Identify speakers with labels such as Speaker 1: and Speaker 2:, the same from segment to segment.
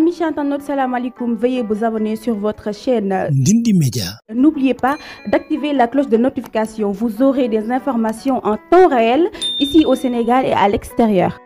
Speaker 1: Amis chanteurs, salam Veuillez vous abonner sur votre chaîne Dindi Media N'oubliez pas d'activer la cloche de notification. Vous aurez des informations en temps réel ici au Sénégal et à l'extérieur.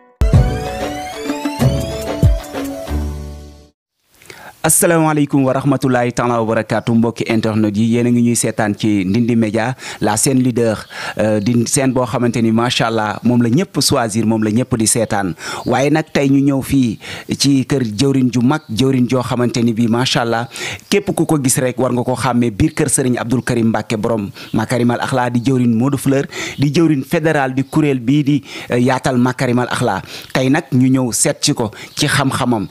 Speaker 1: asalaamaaleykum wa rahmatulahi taala wa barakaatu mbokki internet yi yéen a ngi ñuy seetaan ci ndindi Média la seen leader euh, di seen boo xamante ni macha allah moom la ñëpp choisir moom la ñëpp di seetaan waaye nag tey ñu ñëw fii ci kër jëwrin ju mag jëwrin joo xamante ni bii macha allah képp ku ko gis rek war nga ko xàmmee biir kër sëriñ Abdou Karim Mbacke borom Makarimal Akhla di jëwrin Modou Fleur di jëwrin fédéral di kuréel bii di euh, yaatal Makarimal Akhla tey nag ñu ñëw seet ko ci xam-xamam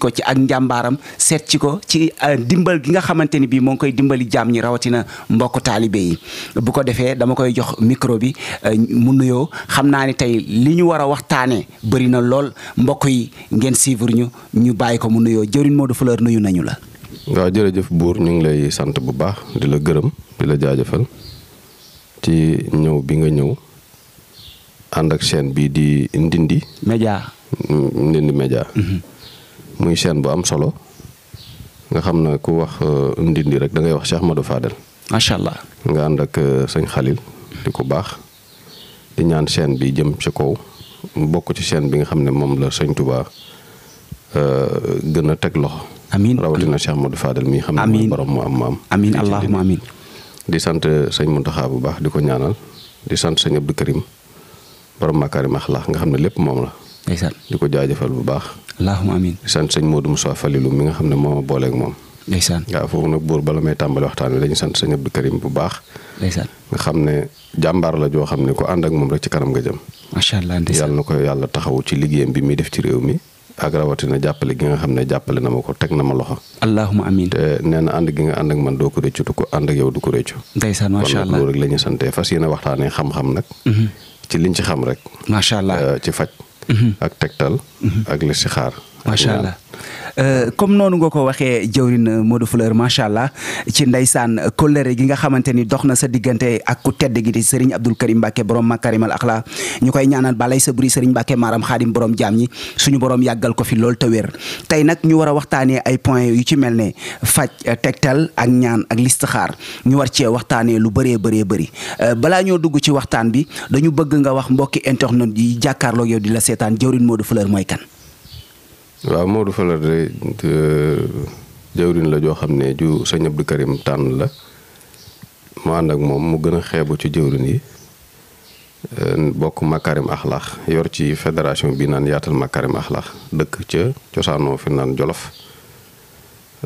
Speaker 1: ko ci ak njàmbaaram seet ci ko ci euh, dimbal gi nga xamante ni bii moo ngi koy dimbali jaam ñi rawatina mbokk taalibe yi bu ko defee dama koy jox micro bi euh, mu nuyoo xam naa ni tey li ñu war a waxtaanee bëri na lool mbokk yi ngeen suivre ñu ñu bàyyi ko mu nuyoo jëriñ Modou Fleur nuyu nañu la.
Speaker 2: waaw jërëjëf buur ñu ngi lay sant bu baax di la gërëm di la jaajëfal ci ñëw bi nga ñëw ànd ak chaîne bii di Ndindy Média Ndindy Média mm-hmm. muy seen bu am solo. nga xamna ku wax euh, ndindi rek da ngay wax Cheikh madou Fadel. machallah nga and ak euh, seigne Khalil di bax di ñaan chaîne bi jëm ci ko bokku ci chaîne bi nga xamne mom la seigne Touba euh, gën a teg loxo. amiin rawatina Cheikh madou Fadel mi xam borom mu am am. amin allahumma amin di sante seigne Mountakha bu bax di ñaanal di sante seigne Abdou Karim borom Makarim Akhlaq nga xamne lepp mom la. di diko jaajeufal bu bax allahumma amiin. sant sëñ Modou Moussa Falilou mi nga xam ne moom ma booleeg moom. ndeysaan waaw foofu nag bu baax. ndeysaan nga xam ne jàmbaar la joo xam ne ko ànd ak moom rek ci kanam nga jëm. macha allah ndeysaan yàlla na ko yàlla taxawu ci liggéeyam bi muy def ci réew mi. ak na jàppale gi nga xam ne jàppale na ma ko teg na ma loxo. allahumma amiin te nee na ànd gi nga ànd ak man doo ko rëccu ko ànd ak yow du ko rëccu. ndeysaan macha allah kon loolu rek la ñu sante fas yéene waxtaanee xam-xam nag. Mhm. ci liñ ci xam rek. macha allah euh, ci faj. ak tegtal. ak listixaar. macha allah
Speaker 1: Euh, comme noonu nga ko waxee jëwrin euh, Modou Fleur macha allah ci ndeysaan kóllëre gi nga xamante ni dox na sa diggante ak ku tedd gi di Serigne Abdou Karim Mbacke borom ak la ñu koy ñaanal balay sa buri Serigne Mbacke maaram xaadim borom jaam ñi suñu borom yàggal ko fi lool te wér tey nag ñu war a waxtaanee ay points yu ci mel ne faj euh, tegtal ak ñaan ak xaar ñu war cee waxtaanee lu bëree bëree bëri balaa ñoo dugg ci waxtaan bi dañu bëgg nga wax mbokki internet yi jàkkaarloo yow di la seetaan jëwrin Modou Fleur mooy kan
Speaker 2: waaw Modou Fala de jawrin la joo xam ne ju sëñ Abdou tànn la mu ànd ak moom mu gën a xeebu ci jawrin yi euh, bokk makarim axlaax yor ci fédération bi naan yaatal makarim axlaax dëkk ca cosaanoo fi naan jolof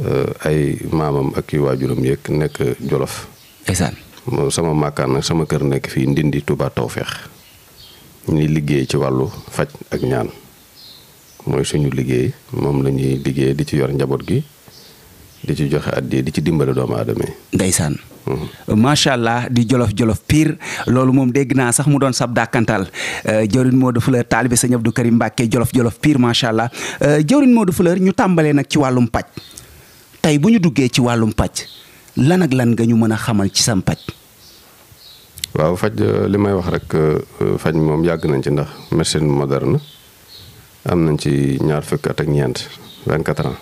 Speaker 2: euh, ay maamam ak i waajuram yëg nekk jolof ndeysaan sama màkkaan nag sama kër nekk fii ndindi Touba feex ñu liggéey ci wàllu faj ak ñaan mooy suñu liggéey moom la ñuy liggéey di ci yor njaboot gi di ci joxe addi di ci dimbale doomu aadama yi. ndeysaan.
Speaker 1: Mm-hmm. macha allah di jolof jolof piir loolu moom dégg naa sax mu doon sab dàkkantal euh, jawriñ Modou Fleur taalibe sëñ Abdou Karim Mbacke jolof jolof piir macha allah euh, jawriñ Modou Fleur ñu tàmbalee nag ci wàllum paj tey bu ñu duggee ci wàllum paj lan ak lan nga ñu mën a xamal ci sam paj.
Speaker 2: waaw faj euh, li may wax rek faj moom yàgg nañ ci ndax médecine moderne. am nañ ci ñaar fukki at ak ñeent 24 ans.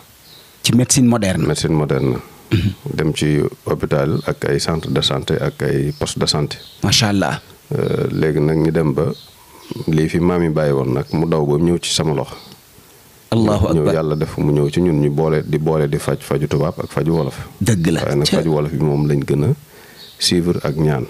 Speaker 2: ci médecine moderne. médecine moderne. Mhm. dem ci hôpital ak ay centre de santé ak ay poste de santé. macha allah. Euh, léegi nag ñu dem ba lii fi maam yi bàyyi woon nag mu daw ba ñëw ci sama loxo. allahu akbar ñëw yàlla def mu ñëw ci ñun ñu boole di boole di faj faju tubaab ak faju wolof. dëgg la waaye nag faju wolof bi moom lañ gën a suivre ak ñaan.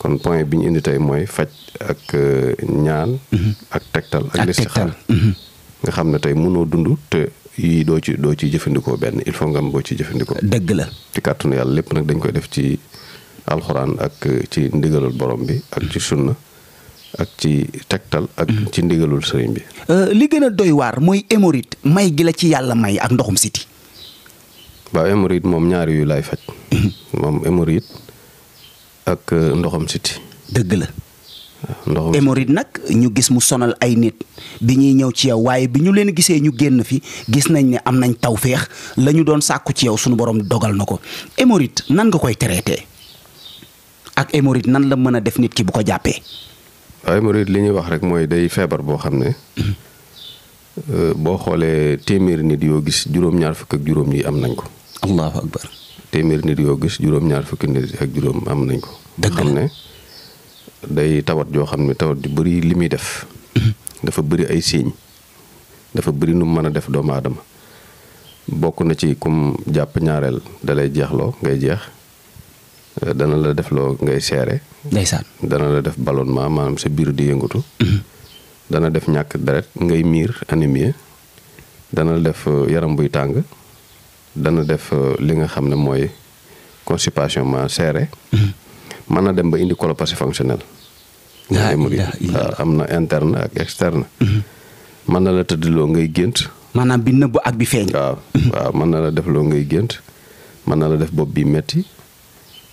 Speaker 2: kon point bi ñu indi tey mooy faj ak euh, ñaan. Mhm. ak tegtal ak listixaar mhm. nga xam ne tey mënoo dund te yii doo ci doo ci jëfandikoo benn il faut nga am boo ci jëfandikoo. dëgg la ci kàttanu yàlla lépp nag dañ koy def ci alxuraan ak euh, ci ndigalul borom bi ak ci sunna ak ci tegtal ak mhm. ci ndigalul sëriñ bi. Euh, li gën a doy waar mooy hémorroïde may gi la
Speaker 1: ci yàlla may ak ndoxum siti.
Speaker 2: waaw hémorroïde moom ñaari yu laay faj. moom hémorroïde ak euh, ndoxam siti dëgg la. ndoxam hémorroïde
Speaker 1: nag ñu gis mu sonal ay nit bi ñuy ñëw ci yow waaye bi ñu leen gisee ñu génn fi gis nañ ne am nañ tawféex la ñu doon sàkku ci yow suñu borom dogal na ko hémorroïde nan nga koy traité ak hémorroïde nan la mën a def nit ki bu ko jàppee.
Speaker 2: waaw li ñuy wax rek mooy day feebar boo xam ne. Mhm. Euh, boo xoolee téeméeri nit yoo gis juróom-ñaar fukk ak juróom yi am nañ ko. allahu akbar téeméer nit yoo gis juróom-ñaar fukki nit ak juróom am nañ ko. dëgg ne day tawat joo xam ne tawat di bëri li muy def. Mm-hmm. dafa bëri ay signe dafa bëri nu mën a def doomu aadama bokk na ci kum jàpp ñaareel da lay jeexloo ngay jeex dana la def loo ngay seere. ndeysaan dana la def ballonnement maanaam sa biir di yëngatu. Mm-hmm. dana def ñàkk deret ngay miir anémie dana la def uh, yaram buy tàng dana def euh, li nga xamne moy constipation ma serré man mm-hmm. na dem ba indi colopathie fonctionnel amna interne ak externe man mm-hmm. na la tëddloo ngay gënt maanaam bi neub ak bi feñ waaw waaw man mm-hmm. na la def lo ngay gënt man na la def bopp bi metti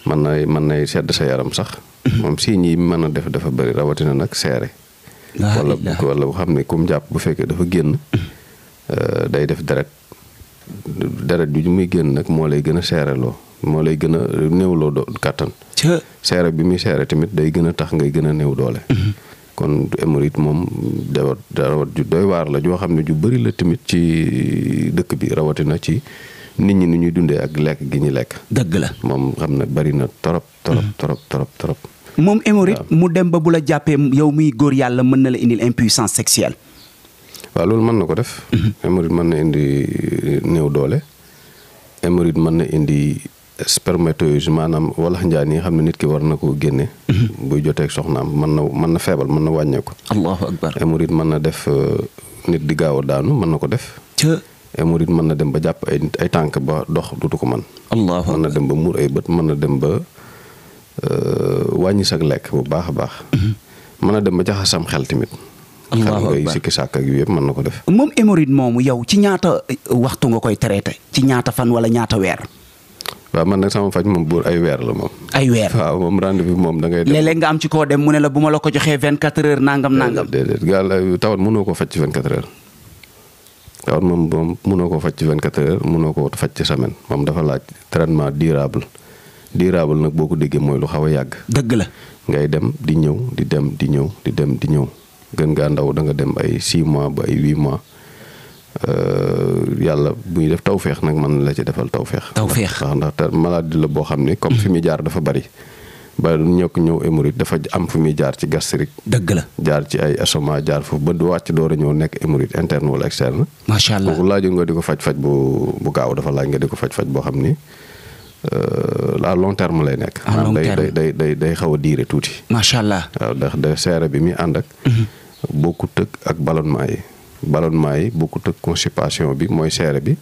Speaker 2: man na man na sedd sa yaram sax mom si ñi mën def dafa rawati na nak serré wala wala bu kum japp bu fekke dafa euh day def direct deret ju muy génn nag moo lay gën a seereloo moo lay gën a néewloo do kàttan seere bi muy seere tamit day gën a tax ngay gën a néew doole mhm. kon émorite moom dawat dawat ju doy waar la joo xam ne ju bëri la tamit ci dëkk bi rawatina ci nit ñi ni ñuy dundee ak lekk gi ñu lekk dëgg la moom xam ne bëri na torop torop mhm. torop torop torop
Speaker 1: moom émorite mu dem ba bu la jàppee yow muy góor yàlla mën na la indil impuissance sexuelle
Speaker 2: waaw loolu mën na ko def. Mhm. hémorroïde mën na indi euh, néew doole. hémorroïde mën na indi spermatozoïde maanaam walax njaan yi nga xam ne nit ki war na ko génne. Mhm. buy joteeg soxnaam mën na mën na feebal mën na wàññeeku. allahu akbar hémorroïde mën na def euh, nit di gaaw a daanu mën na ko def. hémorroïde mën na dem ba jàpp ay ay tànk ba dox dutu ko man allahu mën na dem ba muur ay bët mën na dem ba euh, wàññi sag lekk bu baax a baax. Mhm. mën na dem ba jaxasam xel tamit. allahu akbar ngay sikki sàkk ak gitu yëpp ya, mën na e def.
Speaker 1: moom hémorroïde moomu yow ci ñaata e, waxtu nga koy traité ci ñaata fan wala ñaata weer.
Speaker 2: waaw man nag sama faj moom buur ay weer la moom. ay weer waaw moom rendez-vous moom da ngay. dem
Speaker 1: léeg-léeg nga am ci koo dem mu la bu la ko joxee vingt heures
Speaker 2: nangam nangam. déedéet gaal tawat mënoo koo faj ci vingt quatre heures. tawat moom moom mënoo koo faj ci heures mënoo koo faj semaine moom dafa laaj traitement durable durable lu a la ngay dem di di dem di di dem di gën gaa ndaw da nga dem ay 6 mois ba ay 8 mois euh, yàlla bu ñu def tawféex nag man la ci defal tawféex. tawféex ndax ndax maladie la boo xam ne. comme fu muy jaar dafa bari. ba ñëkk ñëw hémorroïde dafa am fu muy jaar ci gastrique. dëgg la jaar ci ay estomac jaar foofu ba du wàcc door a ñëw nekk hémorroïde interne wala externe. macha allah kooku laajul nga di ko faj faj bu bu gaaw dafa laaj nga di ko faj faj boo xam ni. Euh, à long terme lay nekk. à long terme day day day xaw a diire tuuti. macha allah waaw de seere bi muy ànd ak. Mhm. bokkut ak ak ballonnement yi. ballonnement yi bokkut ak constipation bi mooy seere bi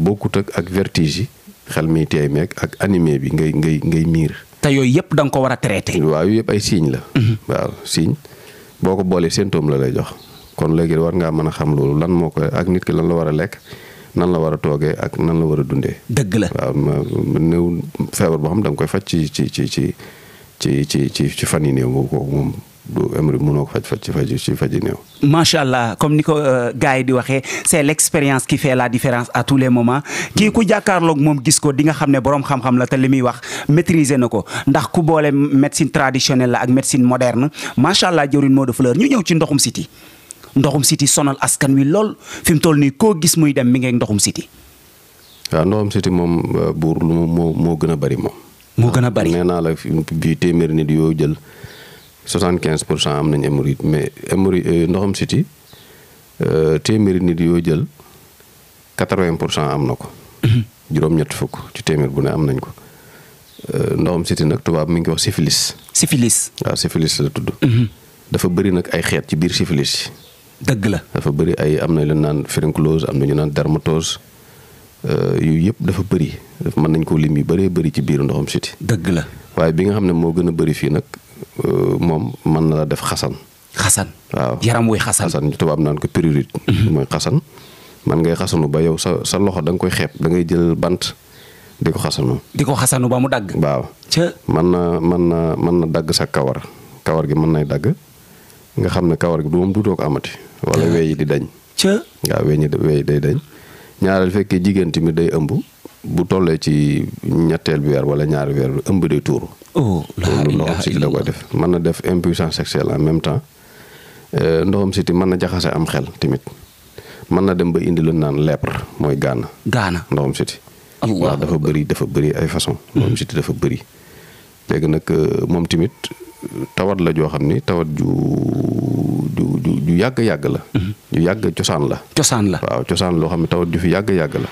Speaker 2: bokkut ak ak vertige yi xel mi teey meeg ak animé bi ngay ngay ngay miir. te yooyu yëpp da ko war a traité. waaw yooyu yëpp ay signe la. Mhm. waaw signe boo ko boolee symptôme la lay jox kon léegi war ngaa mën a xam loolu lan moo koy ak nit ki lan la war a lekk. nan la war a toogee ak nan la war a dundee. dëgg la waaw ma néew feebar boo xam da koy faj ci ci ci ci ci ci ci fan yi néew moom. du Emery ko faj faj ci faj ci faj néew.
Speaker 1: macha allah comme ni ko euh, gars yi di waxee c' est l' expérience qui fait la différence à tous les moments kii ku jàkkaarloog moom gis ko di nga xam ne borom xam-xam la te li muy wax maitriser na ko ndax ku boole médecine traditionnelle la ak médecine moderne macha allah moo Modou Fleur ñu ñëw ci ndoxum siti ndoxum city sonal askan wi lol fim tol ni ko gis muy dem mi
Speaker 2: ngeeg ndoxum city wa ndoxum city mom euh, buur lu mo mo gëna bari mom mo gëna bari neena la bi témer nit yo jël 75 am nañ hémorroïde mais hémorroïde euh, ndoxum city euh témer nit yo jël 80 am nako mhm. jurom ñet fuk ci témer bu ne am nañ ko euh, ndoxum city nak tubaab mi ngi wax syphilis syphilis waaw syphilis la tudd mhm. dafa bëri nak ay xeet ci bir syphilis dëgg la dafa bëri ay am na lu naan ferinclose am na ñu naan dermatose euh, yu yëpp dafa bëri mën nañ ko lim yu bëree bëri ci biir ndoxam siti dëgg la waaye bi nga xam ne moo gën a bëri fii nag euh, moom na la def xasan. xasan waaw yaram wuy xasan xasan ñu tubaab naan ko pyruvite. Mhm. mooy xasan man ngay xasanu ba yow sa sa loxo da nga koy xeeb da ngay jël bant di ko xasanu. di ko xasanu ba mu dagg. waaw ca mën na mën na mën na dagg sa kawar kawar gi mën nay dagg nga xam kawar gi du moom amati wala wey di dañ. nga waaw wéy wey day dañ. ñaaral fekke jigen timi day ëmb bu tollee ci ñettel bi wala ñaar weer ëmb day tour oh la def man na def impuissance sexuelle en même temps euh, ndoxam siti man na jaxase am xel timit man na dem ba indi lu naan lèpre mooy gana gaana ndoxam siti. allah dafa bëri dafa bëri ay façon. ndoxam mhm. siti dafa bëri. léegi nak euh, mom timit tawat la jo xamni tawat ju ju ju ju yag la. Mhm. ju yag ciosan la. ciosan la waaw ciosan lo xamni tawat ju fi yag yag la.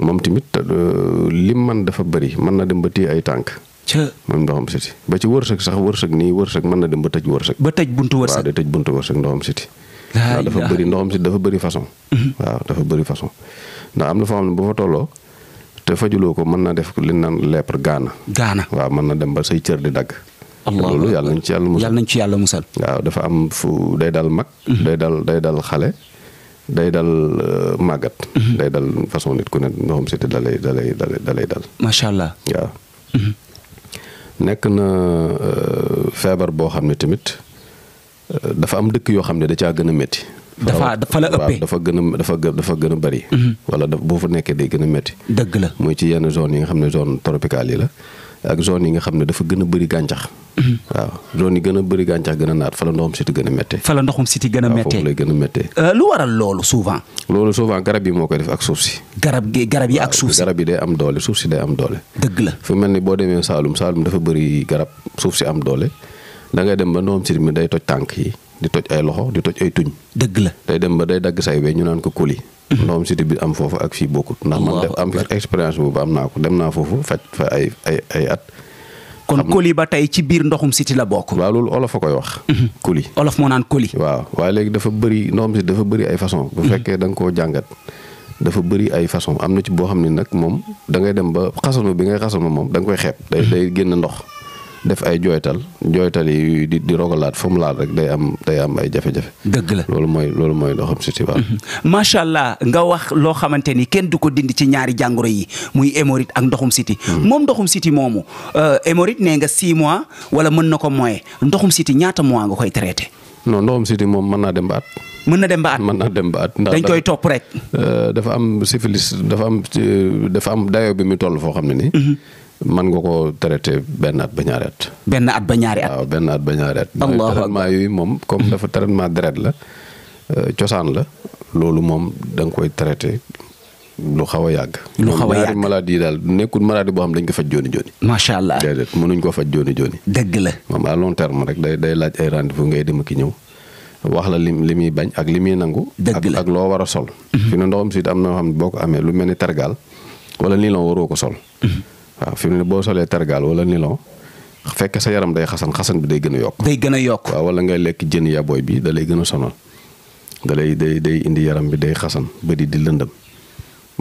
Speaker 2: mom mhm. timit euh, lim man dafa bari man na dem ba ti ay tank ci mom ndoxam siti ba ci wërsëg sax wërsëg ni wërsëg man na dem ba tej wërsëg. ba tej buntu wërsëg waaw tej buntu wërsëg ndoxam siti. waaw dafa bari ndoxam siti dafa bari façon. Mhm. waaw dafa bari façon ndax am na foo xam bu fa tolo te fajuloko man na def li nan lèpre gana gana waaw man na dem ba say cër di dag loolu yàlla nañ ci yàlla musal yàlla nañ ci yàlla musal waaw dafa am fu day dal mag mhm. day dal day dal xale day dal euh, màggat mhm. day dal façon nit ku ne ndoxum siti dalay dalay dalay dal macha allah waaw mhm. nekk na euh, feebar boo xam ne tamit euh, dafa am dëkk yoo xam ne da caa gën a métti dafa dafa la ëppee dafa gën a dafa dafa gën a bari wala boo fa nekkee day gën a métti dëgg la mooy ci yenn zone yi nga xam ne zone tropicale la ak zone yi nga xamne dafa gëna bëri gantax mhm. waaw zone yi gëna bëri gantax gëna naat fa la ndoxum city gëna a fa la ndoxum city gëna a méttee foofu lay gën a euh, lu waral loolu souvent. loolu souvent garab yi moko def ak souf ci garab gi garab yi ak souf si garab yi day am doole souf ci day am doole. deug la fu mel ni boo demee salum Saalum dafa bëri garab souf ci am doole da ngay dem ba ndoxum city mi day toj tank yi di toj ay loxo di toj ay tuñ. deug la day dem ba day dag say wé ñu naan ko kuli ndoxum siti bi am foofu ak fii bokkut ndax man am expérience boobu am naa ko dem naa foofu faj fa ay ay ay at kon coli ba tey ci biir ndoxum siti la bokk waaw loolu olof a koy wax mhm. coli olof moo naan coli waaw waaye léegi dafa bëri ndoxum siti dafa bëri ay façon bu mhm. fekkee da nga koo jàngat dafa bëri ay façon am na ci boo xam ne nag moom da ngay dem ba xasanu bi ngay xasanu moom da nga koy xeeb day day génn ndox def ay jooytal jooytal yi di di rogalaat fu mu laal rek day am day am ay jafe-jafe. dëgg la loolu mooy loolu mooy loo xam si tubaab. Mhm.
Speaker 1: macha allah nga wax loo xamante ni kenn du ko dindi ci ñaari jàngoro yi muy hémorroïde ak ndoxum siti. Mhm. moom ndoxum siti moomu euh, hémorroïde nee nga 6 mois wala mën na ko moyen ndoxum siti ñaata mois nga koy traité. non
Speaker 2: ndoxum siti moom mën naa dem ba at. mën na dem ba at naa dem ba at. ndax dañ koy topp rek. Euh, dafa am syphilis dafa am euh, dafa am dayo bi mu toll foo xam ne nii. Mhm. mën nga ko traité benn at ba ñaari at. benn at ba waaw benn at ba ñaari at. alhamdulilah traitement yooyu moom comme dafa traitement deret la euh, cosaan la loolu moom da koy traité. lu xaw a yàgg. lu xaw a yàgg maladie daal nekkul maladie boo xam dañ ko faj jooni jooni. macha allah déedéet mënuñ faj jooni jooni. dëgg la moom à long terme rek day laaj ay rendez-vous ngay dem ki ñëw wax la li li muy bañ ak li muy nangu. dëgg la ak loo war a sol. Mhm. fi ne ndoxam si am na xam boo ko amee lu mel ni tergaal wala nii la waroo ko sol. Mhm. waaw fi mu ne boo solee tergaal wala nilon fekke sa yaram day xasan xasan bi day gën a yokk. day gën a yokk waaw wala ngay lekk jën yabooy bi da lay gën a sonal da lay day day indi yaram bi day xasan bëri di lëndëm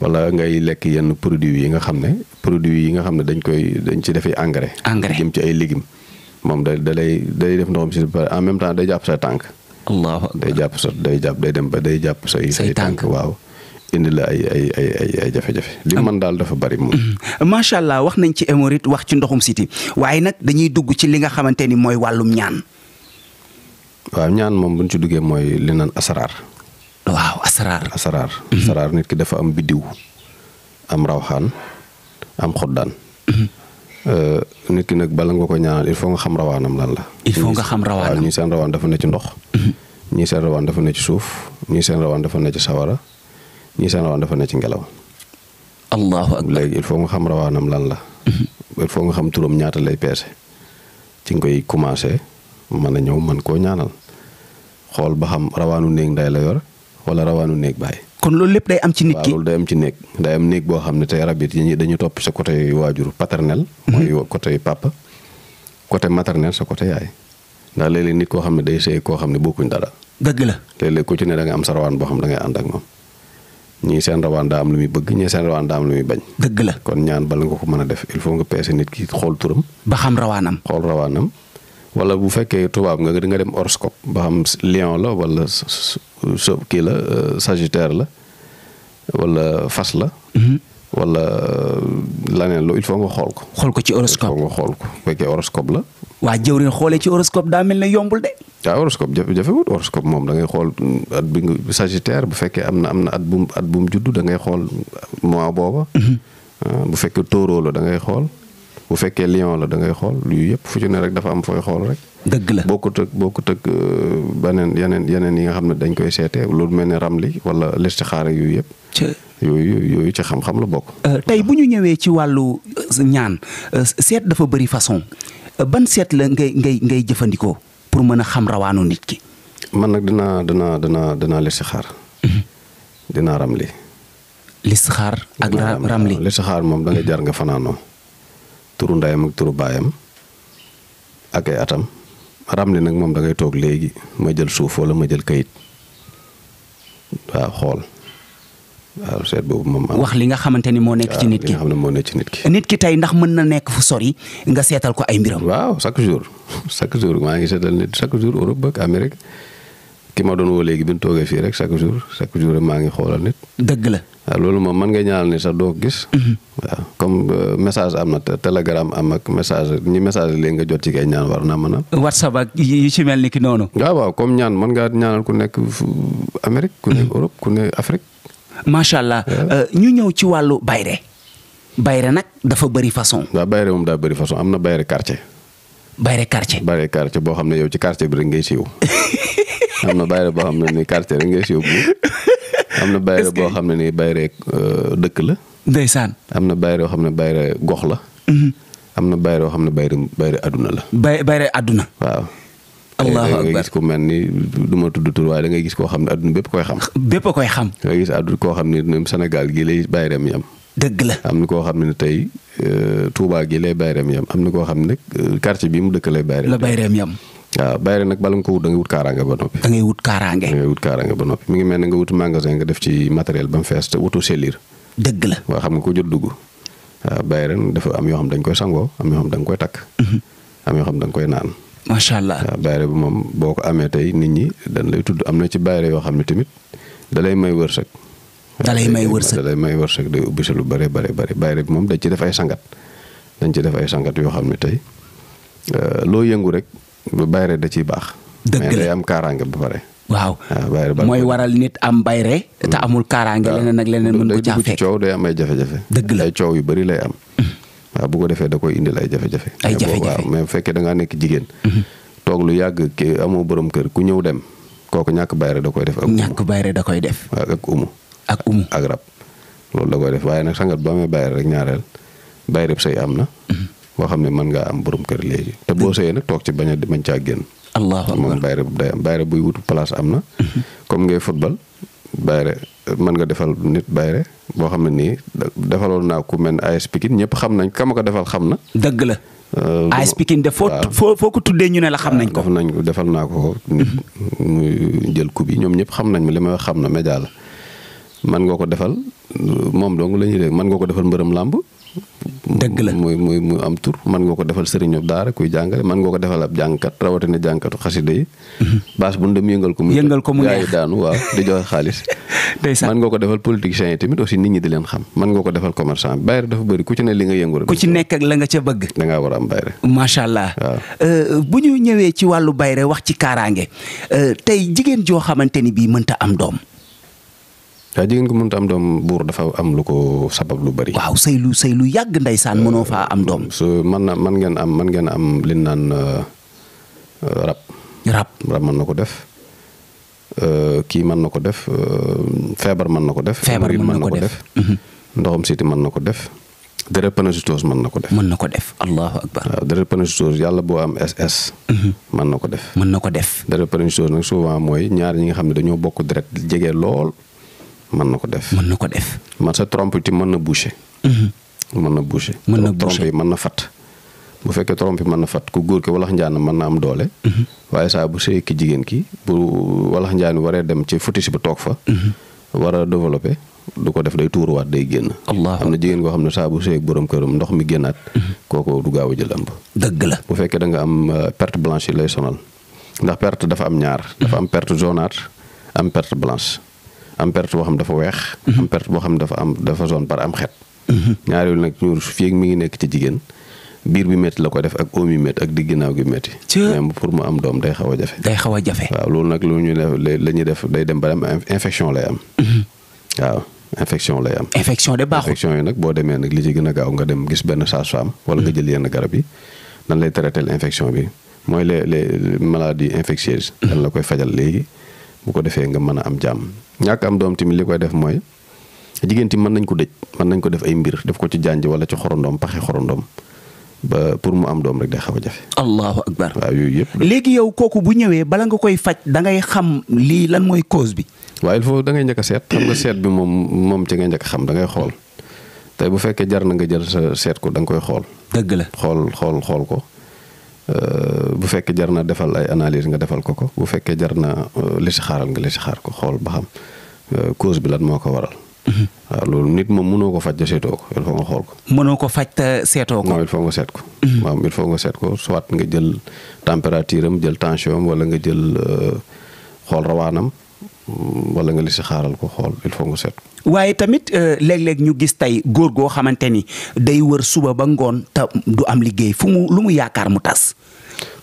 Speaker 2: wala ngay lekk yenn produit yi nga xam ne produit yi nga xam ne dañ koy dañ ci defee engrais. engrais jëm ci ay légumes moom da da lay day def ndoxam si en même temps day jàpp sa tànk. allahu day jàpp sa day jàpp day dem ba day jàpp say. say tànk waaw. indi la ay ay ay ay ay jafé li man dal dafa bari moom
Speaker 1: macha allah wax nañ ci hémorroïde wax ci ndoxum city waye nak dañuy dugg ci li nga xamanteni moy walum ñaan
Speaker 2: wa ñaan mom buñ ci duggé moy li naan asrar waaw asrar asrar mhm. asrar nit ki dafa am bidiw am rawxaan am mhm. euh nit ki nak bala nga ko ñaanal il faut nga xam rawanam lan la il faut nga xam rawanam ñi seen rawan dafa ne ci ndox mhm. ñi seen rawan dafa ne ci suuf ñi seen rawan dafa ne ci sawara ñi seen rawaan dafa ne ci ngelaw. allahu akbar léegi il faut nga xam rawaanam lan la. Mhm. il xam turam ñaata lay peese. ci nga koy commencé mën a ñëw mën koo ñaanal xool ba xam rawaanu néeg nday la yor wala rawaanu néeg bàyyi. kon loolu lépp day am ci nit ki ci néeg day am néeg boo xam ne tey rab yi dañuy topp sa côté waajur paternel. Mhm. mooy côté papa. côté maternel sa côté yaay ndax koo xam ne day sëy koo xam ne bokkuñ dara. dëgg la léeg-léeg ku am sa rawaan boo xam da ngay ànd ak moom. ñii seen rawaan daa am lu muy bëgg ñii seen rawaan am lu muy bañ. dëgg la kon ñaan bala nga ko mën a def il faut nga peese nit ki xool turam. ba xam rawaanam. xool rawaanam wala bu fekkee tubaab nga nga dem horoscope ba xam lion la wala so kii la euh, sagittaire la wala fas la. Mhm. wala euh, leneen lu il faut nga xool ko. xool ko ci horoscope il faut xool ko bu fekkee horoscope la. wa jëwrin xolé ci horoscope da melni yombul de. ta horoscope jafé wut horoscope mom da ngay xol at bi nga sagittaire bu fekkee amna amna at bu at bu mu juddu da ngay xol mois booba. bu fekkee taureau la da ngay xol bu lion la da ngay xol fu ci ne rek dafa am foy xol rek. deug la bokut ak yanen ak banen yenen yenen yi nga xam dañ koy sété loolu melni ramli wala listixaara yooyu yëpp. yooyu yooyu ci xam-xam la bok eh, tay buñu ñëwé ci walu ñaan eh, eh, seet dafa
Speaker 1: bëri façon. ban seet la ngay ngay ngay jëfandikoo pour mën a xam rawaanu nit ki.
Speaker 2: man nag dinaa dinaa dinaa dinaa listixaar. Mhm. dinaa ramli. listixaar ak ramli listixaar moom dangay jar nga fanaanoo turu ndayam ak turu baayam ak ay atam ramli nag moom da ngay toog léegi ma jël suuf wala ma jël kayit waaw xool. waaw seet boobu moom wax li nga xamante ni moo nekk ci nit ki moo nekk ci nit ki. nit ki tey ndax mën na nekk fu sori nga seetal ko ay mbiram. waaw chaque jour chaque jour maa ngi seetal nit chaque jour Europe ak Amérique ki ma doon woo léegi bi toogee fii rek chaque jour chaque maa ngi xoolal nit. dëgg la. waaw loolu moom man ngay ñaanal ni sax doo gis. Mhm. waaw comme euh, message am na telegram am ak message ñi message léegi nga jot ci kay ñaan war naa mën a. whatsapp ak yu ci mel ni ki noonu. waaw waaw comme ñaan man ngaa ñaanal ku nekk Amérique. ku nekk mhm. Europe ku nekk Afrique. macha ñu ñëw ci wàllu bayre bayre nag dafa bëri façon. waaw bayre moom daa bëri façon am na bayre quartier. bayre quartier. bayre quartier boo xam ne yow ci quartier bi rek ngay siiw am na bayre boo xam ne ni quartier rek ngay siiw bu am na bayre boo xam ne ni bayre dëkk la. ndeysaan. am na bayre yoo xam ne bayre gox la. am na bayre yoo xam ne bayre bayre àdduna la. bay bayre àdduna. waaw.
Speaker 1: allahu akbar da ngay
Speaker 2: gis ku mel ni du ma tudd tur waaye da ngay gis koo xam ne adduna bépp koy xam. bépp koy xam. da ngay gis adduna koo xam ne même Sénégal gii lay bàyyi rem yam. dëgg am na koo xam ne tey euh, Touba gii lay bàyyi rem yam am na koo xam ne euh, quartier bii mu dëkk lay bàyyi rem. la bàyyi rem yam. waaw bayre nag bala nga ko wut da ngay kaaraange ba noppi. da ngay wut ba noppi mi ngi mel ne nga wut magasin nga def ci matériel ba mu fees te wutu sellir. dëgg la waaw xam nga ko jot dugg. waaw bayre dafa am yoo xam dañ koy sangoo am yoo xam da nga koy takk. Mhm. am yoo xam da nga koy naan. Masyaallah. allah bayre bu mom boko amé tay nit ñi dañ lay tudd amna ci bayre yo xamni ne tamit da may wërsek dalay may ah, wërsek dalay may wërsek de ubbi sa lu bare bare bare bayre bu mom dañ ci def ay sangat dañ ci def ay sangat yo xamni tay euh ah, lo yëngu rek lu bayre da ci bax dëgg la mais day am kaaraange ba pare. waaw ah, moy
Speaker 1: waral nit am bayre ta hmm. amul kaaraange leneen nak leneen mën ko jafé
Speaker 2: ci ciow day am ay jafé jafé deug la ciow yu bari lay am. Hmm waaw bu ko defee da koy indil ay jafe-jafe. ay jafe-jafe mais bu fekkee da ngaa nekk jigéen. Mhm. toog lu yàgg ki amoo borom kër ku ñëw dem kooku ñàkk bayre da koy def. ak umu ñàkk bayre da koy def. ak umu. ak umu ak rab loolu da koy def waaye nag sangat boo amee bayre rek ñaareel bayre bi say am na. Mhm. boo xam ne mën ngaa am borom kër léegi. te boo sëyee nag toog ci bañ a bañ caa génn. allahu akbar moom bayre day am bayre buy wut place am na. Mhm. comme ngay football. bayre mën nga defal nit bayre boo xam ne nii defaloon naa ku mel ne AS Pikine ñëpp xam nañ kama defal xam na. dëgg la. Euh, AS Pikine def foo foo foo ko tuddee ñu ne la xam nañ ko. nañ ko defal naa ko nit mhm. muy jël coup bi ñoom ñëpp xam nañ ma li may wax xam na média la man nga ko defal moom dong lañuy ñuy dégg man nga ko defal mbërëm làmb dëgg la muy muy muy am tur man nga ko defal sëriñu daara kuy jàngale man nga ko defal ab jàngkat rawatina jàngkatu xasida yi mhm. baas bu ndëm yëngal ko mu yëngal ko mu neex yi daanu waaw di joxe xaalis man nga ko defal politiciens yi tamit aussi nit ñi di leen xam man nga ko defal commerçant bi bayre dafa bëri ku ci ne li nga yëngu ku ci nekk la nga ca bëgg da war a am bayre macha allah euh, bu ñu ñëwee ci wàllu bayre wax ci kaaraange euh, tey jigéen joo xamante ni bii mënta am doom yaa jigéen ko mënut am doom buur dafa am lu ko sabab lu bari. waaw sëy lu sëy lu yàgg ndeysaan mënoo faa am doom. so man man ngeen am man ngeen am li naan uh, uh, rab. rab rab man na ko def. Uh, kii man na ko def feebar mën na ko def. feebar man na ko def ndoxam siti Man na ko def. dere pérniciose man na ko def. man na def allahu akbar. waaw deret pérniciose yàlla am SS. man mhm. na ko def. man na ko def. dere pérniciose nag souvent mooy ñaar ñi nga xam ne dañoo bokk lool man nako def man nako def man sa trompe ti man na boucher man mhm. na boucher man na trompe man na fat bu fekke trompe man na fat ku góor ki walax njaan man na am doole mhm. waye sa bu sey ki jigen ki bu walax njaan waré dem ci footis bu tok fa hmm wara développer du ko def day wat day genn allah am jigen go koo sa bu sey borom keurum ndox mi gennat mhm. koko du gaaw jël la bu fekke da nga am euh, perte blanche lay sonal ndax perte dafa am ñaar dafa am perte jaunâtre am perte blanche am perte bo xam dafa wex am perte bo xam dafa am dafa zone par am xet. ñaareelu nak ñu fi ak mi ngi nek ci jigéen. bir bi métti lako def ak omi yi métti ak diginaaw gi métti. même pour mu am dom day xawa jafe. day xawa jafe. waaw lool nak lu ñu def lañu def day dem ba am infection lay am. waaw infection lay am. infection de baaxul infection yi nag boo demee nag li ci gëna gaaw nga dem gis ben sage-femme. wala nga jël yenn garab yi nan lay traiter l'infection bi moy les les maladies infectieuses. dañ la koy fajal légui bu ko defee nga mën a am jàmm ñàkk am doom tamit li koy def mooy jigéen tamit mën nañ ko dëj mën nañ ko def ay mbir def ko ci jànj wala ci xorondoom paxe xorondoom ba pour mu am doom rek day xaw a jafe. allahu akbar yooyu yëpp. léegi yow kooku bu ñëwee bala nga koy faj da ngay xam lii lan mooy cause bi. waaw il faut da ngay njëkk seet xam nga seet bi moom moom ci nga njëkk xam dangay xool te bu fekkee jar na nga jël sa seet ko da nga koy xool. dëgg la xool xool xool ko. Euh, bu fekkee jar na defal ay analyse nga defal ko ko bu fekkee jar na euh, listixaaral nga listixaar ko xool ba xam euh, cause bi lan moo ko waral. Mhm. waaw loolu nit moom mënoo ko faj te seetoo ko il faut nga xool ko. mënoo ko faj te seetoo ko. il faut nga seet ko. Mhm. waaw il seet ko soit nga jël température am jël tension am wala nga jël xool rawaanam. wala nga li si xaaral ko xol il faut nga set.
Speaker 1: waye tamit euh, leg leg ñu gis tay góor go xamanteni day wër suba ba ngon ta du am liggey fu mu lu mu yaakar mu tas.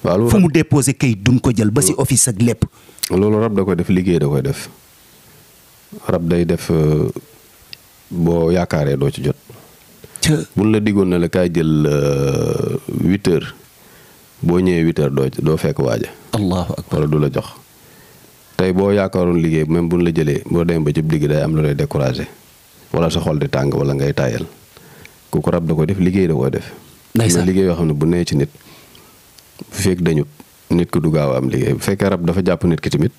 Speaker 1: waaw fu mu déposer kay duñ ko jël ba ci office ak lepp lolu
Speaker 2: rab da koy def liggey da koy def rab day def euh, bo yaakaré do ci jot. bu la digon na la kay jël 8h euh, bo ñëwee 8h do do fekk waaja. allahu akbar wala du la jox tay bo yaakaaroon liggéey même buñ la jëlé bo dem ba ci digg day am lu lay découragé wala sa xol di tang wala ngay tayal ku ko rab da ko def liggéey da ko def. ndeysaan liggéey yoo xam ne bu nee ci nit bu fekk dañut nit ki du gaaw am liggéey bu fekkee rab dafa japp nit ki tamit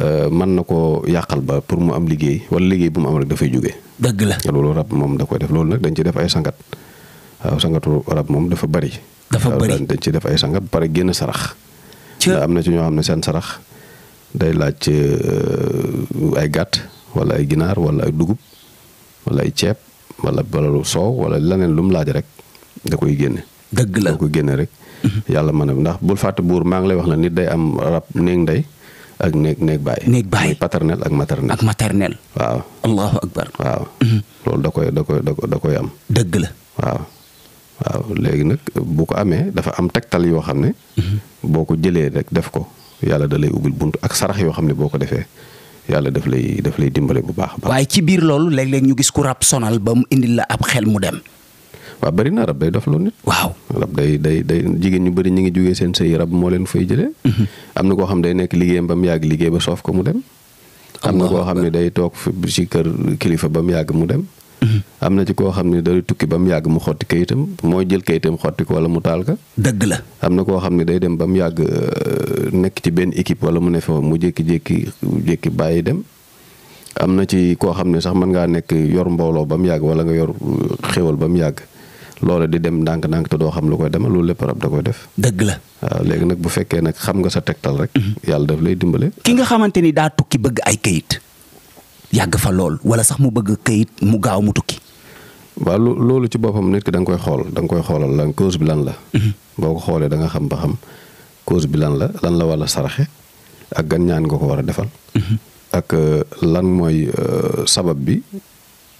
Speaker 2: euh man nako yàqal ba pour mu am liggéey wala liggéey bu mu am rek da fay jóge deug la loolu rab mom da koy def loolu nak dañ ci def ay sangat waaw sangatu rab moom dafa bari. dafa bari dañ ci def ay sangat bari pare sarax. am na ci ñoo xam sen sarax. day laaj euh, ay gàtt wala ay ginaar wala ay dugub wala ay ceeb walla balalu soow wala leneen lu mu laaj rek da koy génne. dëgg la da koy génne rek. Mhm. yàlla ma na ndax bul fàtte buur maa ngi lay wax ne nit day am rab néeg ndey ak néeg néeg baay. néeg baay ak maternel. ak waaw allahu akbar. Mhm. loolu da koy da koy da koy am. dëgg la léegi nag bu ko amee dafa am tegtal yoo xam ne. Mhm. boo ko jëlee rek def ko. yàlla da lay ubbil bunt ak sarax yoo xam ne boo ko defee yàlla daf lay daf lay dimbale bu baax.
Speaker 1: waaye ci biir loolu léeg-léeg ñu gis ku rab sonal ba mu indil la ab xel mu dem.
Speaker 2: waaw bari na rab day dof loolu nit. waaw rab day day day jigéen ñu bari ñu ngi jógee seen sëy rab moo leen fay jëlee. Mhm. am na koo xam day nekk liggéeyam ba mu yàgg liggéey ba soof ko mu dem. am na koo xam ne day toog fi ci kër kilifa ba mu yàgg mu dem. am na ci koo xam ne day tukki ba mu yàgg mu xotti kayitam mooy jël kayitam xotti ko wala mu taal ka dëgg la am na koo xam ne day dem ba mu yàgg euh, nekk ci benn équipe wala mu ne fa mu jékki-jékki jékki bàyyi dem am na ci koo xam ne sax mën ngaa nekk yor mbooloo ba mu yàgg wala nga yor euh, xéwal ba mu yàgg loola di dem ndànk-ndànk te doo xam lu koy demal loolu lépp rab da koy def. dëgg la waaw léegi nag bu fekkee nag xam nga sa tegtal rek. Mhm. yàlla daf lay dimbale.
Speaker 1: ki nga xamante ni daa tukki bëgg
Speaker 2: ay kayit. yàgg fa lool wala sax mu bëgg kayit mu gaaw mu tukki. waaw loolu ci boppam nit ki da koy xool danga koy xoolal lan cause bi lan la. Mhm. boo ko xoolee da nga xam ba xam cause bi lan la lan la war a saraxe ak gan ñaan nga ko war a defal. Mhm. ak euh, lan mooy euh, sabab bi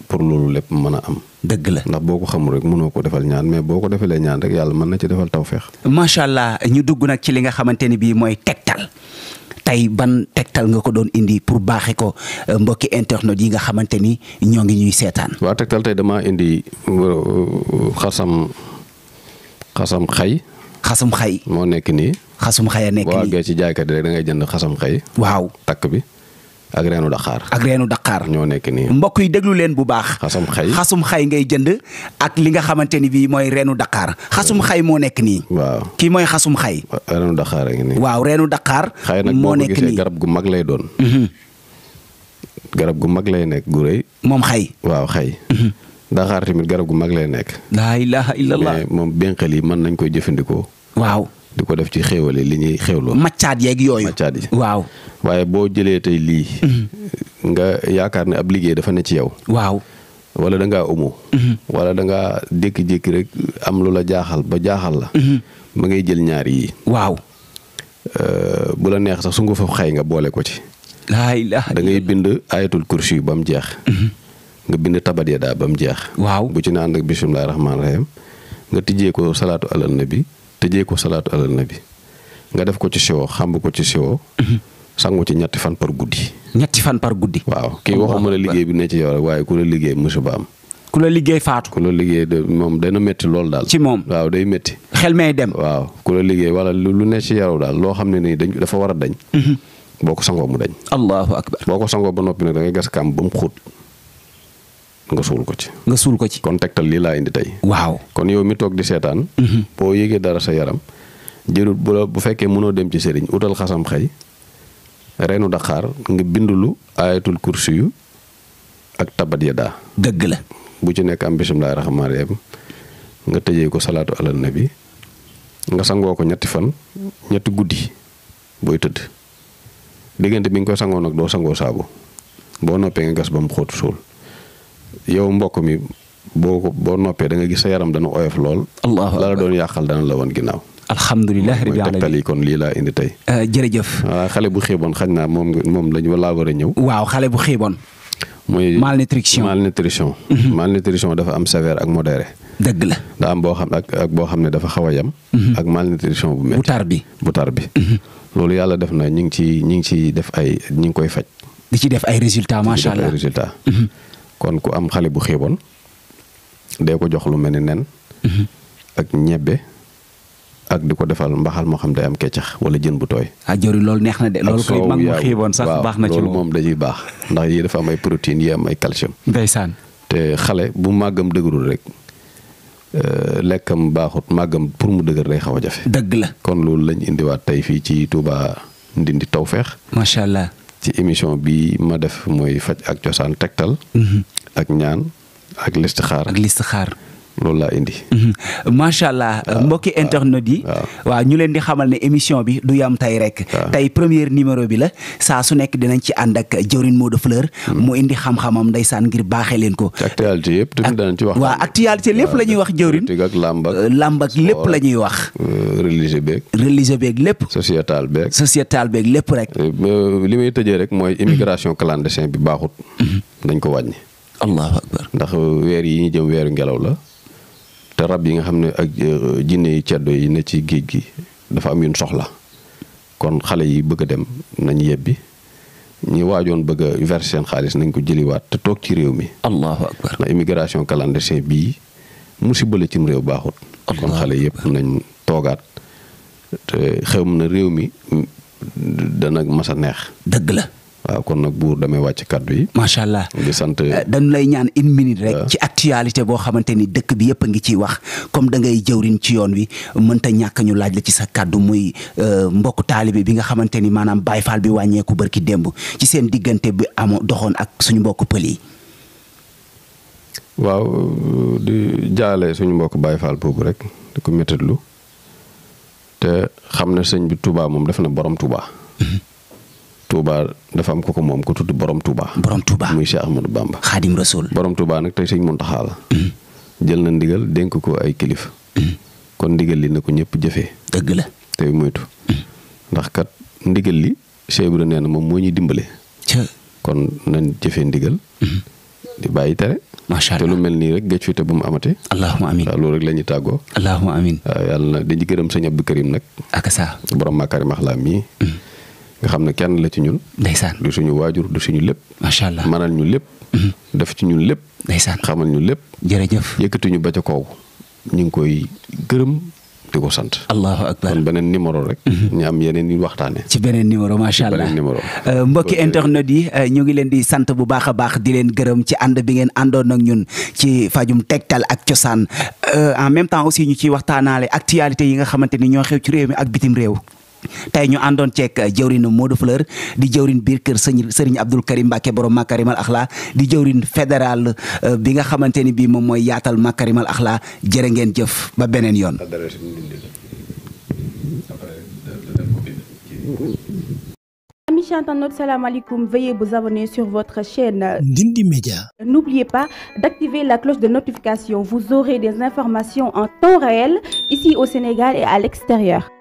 Speaker 2: pour loolu lépp mën a am. dëgg la ndax boo ko xamul rek mënoo ko defal ñaan mais boo ko defalee ñaan rek yàlla mën na ci defal tawféex.
Speaker 1: macha allah ñu dugg nag ci li nga xamante ni bii mooy tegtal. tey ban tegtal nga ko doon indi pour baaxee ko euh, mbokki internet yi nga xamante ni ñoo ngi ñuy
Speaker 2: seetaan. waaw tegtal tey damaa indi euh, xasam xasam xay. xasum xay. moo nekk nii. xasum xay a nekk nii boo àggee ci jënd xasam waaw takk bi. ak reenu daqaar reenu daqaar ñoo nekk nii
Speaker 1: mbokk yi déglu leen bu baax xasum xay xasum xay ngay jënd ak li nga xamante ni bii mooy reenu daqaar xasum xay moo nekk
Speaker 2: nii waaw kii mooy xasum xay reenu daqaar a nii waaw
Speaker 1: reenu daqaar xay nag moo nekk nii garab
Speaker 2: gu mag lay doon mhm. garab gu mag lay nekk gu rëy moom xay waaw xay mhm. daqaar tamit garab gu mag lay nekk laa ilaha illallah mais moom benqal yi mën nañ koy jëfandikoo waaw di ko def ci xéewale li ñuy xéewloo. maccaat yeeg yooyu maccaat yi waaw. waaye boo jëlee tey lii. Mhm. nga yaakaar ne ab liggéey dafa ne ci yow. waaw. dangaa da ngaa umu. Mhm. wala da ngaa jékki rek am lu la jaaxal ba jaaxal la. ma mhm. ngay jël ñaari yii. waaw. Euh, bu la neex sax su nga fa xay nga boole ko ci. da ngay bind ayatul kursi ba mu jeex. nga bind tabat ya daal ba mu jeex. waaw bu ci naan rek bisimilah rahmaani rahiim nga tijjee ko salaatu alal bi tëjee ko salaatu alal bi nga def ko ci siwo xàmb ko ci siwo mhm. sangu ci ñetti fan par guddi. ñetti fan par guddi. waaw kii waxuma la liggéey bi ne ci yow rek ku la liggéey musiba am. ku la liggéey faatu. ku la liggéey moom dana métti loolu daal. moom waaw day métti. xel may dem. waaw ku la liggéey wala lu ne ci yow daal loo xam ne nii dañ dafa war a dañ. Mhm. boo ko sangoo mu dañ. boo ko sangoo ba noppi nag da gas kàmb ba mu xóot. nga suul ko ci. nga suul ko ci. kon tegtal lii indi tay waaw kon yow mi tok di setan mhm. bo yegge dara sa yaram. jeerut bu la bu fekke mëno dem ci serigne outal xasam xey reenu dakar nga bindulu ayatul kursi yu ak tabat ya daa. la. bu ci nek am bisimilah rahmaani rahiim nga tejey ko salatu ala nabi nga sango ko ñetti fan ñetti guddi boy teud diggante bi nga koy sangoo nag doo nga gas bam sul yow mbokk mi boo boo noppee danga gis sa yaram dana oyof lool. allah la doon yàqal dana la woon ginnaaw. alhamdulilah rabbil alamin tegtal yi kon lii laa indi tey. Euh, jërëjëf. xale bu xiiboon xañ naa moom moom lañu laa war a ñëw. waaw xale bu xiiboon. mooy malnutrition malnutrition. Mhm. malnutrition dafa am sévère ak modéré. dëgg la daa am boo xam ak ak boo xam ne dafa xaw a yem. Mhm. ak malnutrition bu métti bu bi bu bi. Mhm. loolu yàlla def na ñu ngi ci ñu ngi ciy def ay ñu ngi koy faj. di ci def ay résultats macha allah kon ku am xale bu xiiboon dee ko jox lu mel ni nen mhm. ak ñebbe ak di ko defal mbaxal moo xam day am keccax wala jën bu tooy. ah jori
Speaker 1: loolu neex na de loolu kay mag mu xiiboon sax baax na ci moom
Speaker 2: dañuy baax ndax yi dafa am ay protéines yi am ay calcium. te xale bu màggam dëgërul rek euh, lekkam baaxut màggam pour mu dëgër day xaw a jafe. dëgg la kon loolu lañ indiwaat tey fii ci Touba Ndindi Tawfeex. macha allah. ci émission bi ma def mooy faj ak cosaan tegtal. Mhm. ak ñaan ak listixaar ak listixaar. loolu laa indi. Mhm.
Speaker 1: macha allah ah, mbokki ah, internet yi. Ah. waaw ñu leen di xamal ne émission bi du yam tey rek. tey premier numéro bi la saa su nekk dinañ ci ànd ak moo de Fleur. Hmm. mu indi xam-xamam ndeysaan ngir baaxee leen ko.
Speaker 2: actualité yëpp tamit danañ ci wax. waaw actualité lépp lañuy wax jëwriñ. ak làmb ak euh, làmb ak lépp la ñuy wax. Euh, religieux beeg. religieux beeg lépp. sociétal beeg. sociétal beeg lépp rek. Euh, li may tëjee rek mooy hmm. immigration clandestine bi baaxut. dañ hmm. ko wàññi. allahu akbar weer yi ñu weeru ngelaw la. te rab yi nga xam ne ak euh, jinne yi ceddo yi ne ci géej gi dafa am yuñ soxla kon xale yi bëgg a dem nañ yebbi ñi waajoon bëgg a xaalis nañ ko jëliwaat te toog ci réew mi. allahu akbar na immigration clandestine bii musiba la cim réew baaxut. kon xale yëpp nañ toogaat te xew na réew mi dana mas a neex. dëgg la. Ah, kon nak bour damay wacc kaddu yi. sha allah di sante eh,
Speaker 1: dañ lay ñaan une minute rek. Ah. ci actualité bo xamanteni ni dëkk bi yépp a ngi ciy wax comme da ngay jëwriñ ci yoon wi mënta ñak ñu laaj la ci sa kaddu muy eh, mbokk taalibe bi nga xamanteni manam baye fall bi wañé ku barki ci seen digënté bi am doxone ak suñu mbokk pël yi.
Speaker 2: waaw di jale suñu mbokk baye fall bu rek di ko méttiitlu te xam ne bi Touba mom def na borom Touba. Mhm. Touba dafa am ko ko moom ko tudd borom Touba. borom Touba muy Cheikh Ahmadou Bamba. xaadim rasul. borom Touba nag tey sëñ Muntaxa la. Mm. jël na ndigal dénk ko ay kilifa. Mm. kon ndigal li na ko ñëpp jëfee. dëgg la moytu. Mm. ndax ndigal li Cheikh Ibra nee moom moo ñuy dimbale. kon nañ jëfee ndigal. Mm-hmm. di bàyyi tere. macha te lu mel nii rek gëj fi te bu mu amatee. allahumma amiin waaw loolu rek la ñuy tàggoo. allahumma amiin waaw na dañu gërëm sëñ Abdou Karim nag. ak borom Makaarimul Axlaaq mii. xam ne kenn la ci ñun. ndeysaan du suñu waajur du suñu lépp. macha allah manal ñu lépp. Mhm. def ci ñun lépp. ndeysaan xamal ñu lépp. jërëjëf yëkkatuñu ba ca kaw. ñu ngi koy gërëm di ko sant. allahu akbar beneen numéro rek. Mhm. ñu am yeneen yu waxtaanee. ci beneen numéro macha allah beneen numéro.
Speaker 1: Euh, mbokki internet yi euh, ñu ngi leen di sant bu baax a baax di leen gërëm ci ànd bi ngeen àndoon ak ñun ci fajum tegtal ak cosaan euh, en même temps aussi ñu ciy waxtaanaale actualité yi nga xamante ni ñoo xew ci réew mi ak bitim réew. tay ñu ci ak jeurine Modou Fleur di jeurine biir kër sëñ sëriñ Abdul Karim Mbacke borom Makarimal Axla di jeurine fédéral euh, bi nga xamanteni bi mom moy mooy yaatal Makarimal akhla jere ngeen jëf ba benen yoon. Amis internautes, salam alaikum. Veuillez vous abonner sur votre chaîne euh, Ndindy Média. N'oubliez pas d'activer la cloche de notification. Vous aurez des informations en temps réel ici au Sénégal et à l'extérieur.